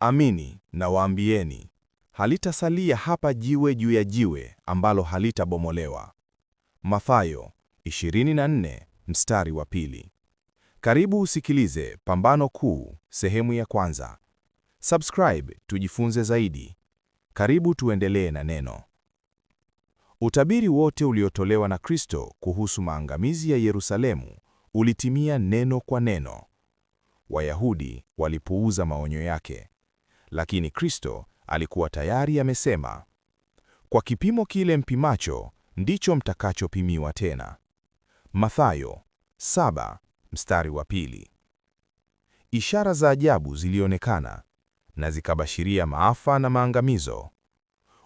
Amini nawaambieni, halitasalia hapa jiwe juu ya jiwe ambalo halitabomolewa. Mathayo 24 mstari wa pili. Karibu usikilize Pambano Kuu sehemu ya kwanza. Subscribe tujifunze zaidi. Karibu tuendelee na neno. Utabiri wote uliotolewa na Kristo kuhusu maangamizi ya Yerusalemu ulitimia neno kwa neno. Wayahudi walipuuza maonyo yake lakini Kristo alikuwa tayari amesema, kwa kipimo kile mpimacho ndicho mtakachopimiwa tena. Mathayo saba mstari wa pili. Ishara za ajabu zilionekana na zikabashiria maafa na maangamizo.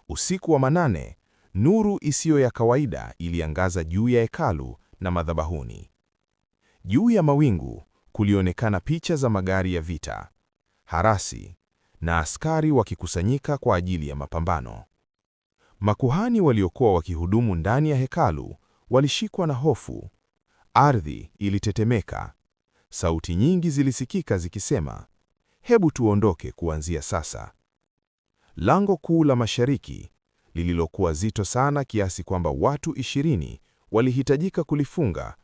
Usiku wa manane, nuru isiyo ya kawaida iliangaza juu ya hekalu na madhabahuni. Juu ya mawingu kulionekana picha za magari ya vita, harasi, na askari wakikusanyika kwa ajili ya mapambano. Makuhani waliokuwa wakihudumu ndani ya hekalu walishikwa na hofu. Ardhi ilitetemeka. Sauti nyingi zilisikika zikisema, hebu tuondoke kuanzia sasa. Lango kuu la mashariki lililokuwa zito sana kiasi kwamba watu ishirini walihitajika kulifunga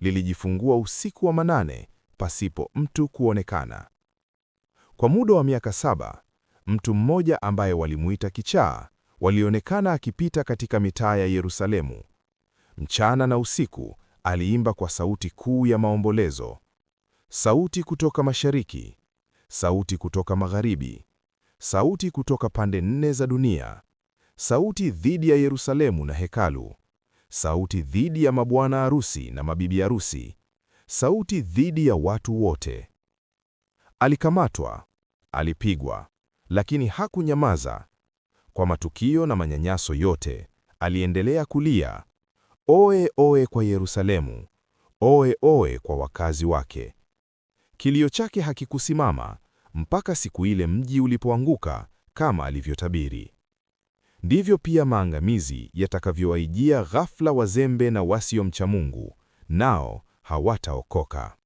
lilijifungua usiku wa manane pasipo mtu kuonekana. Kwa muda wa miaka saba, mtu mmoja ambaye walimuita kichaa walionekana akipita katika mitaa ya Yerusalemu. Mchana na usiku aliimba kwa sauti kuu ya maombolezo. Sauti kutoka mashariki, sauti kutoka magharibi, sauti kutoka pande nne za dunia, sauti dhidi ya Yerusalemu na hekalu, sauti dhidi ya mabwana arusi na mabibi arusi sauti dhidi ya watu wote. Alikamatwa, alipigwa, lakini hakunyamaza. Kwa matukio na manyanyaso yote, aliendelea kulia, oe oe kwa Yerusalemu, oe oe kwa wakazi wake. Kilio chake hakikusimama mpaka siku ile mji ulipoanguka kama alivyotabiri. Ndivyo pia maangamizi yatakavyowaijia ghafla wazembe na wasiomcha Mungu, nao hawataokoka.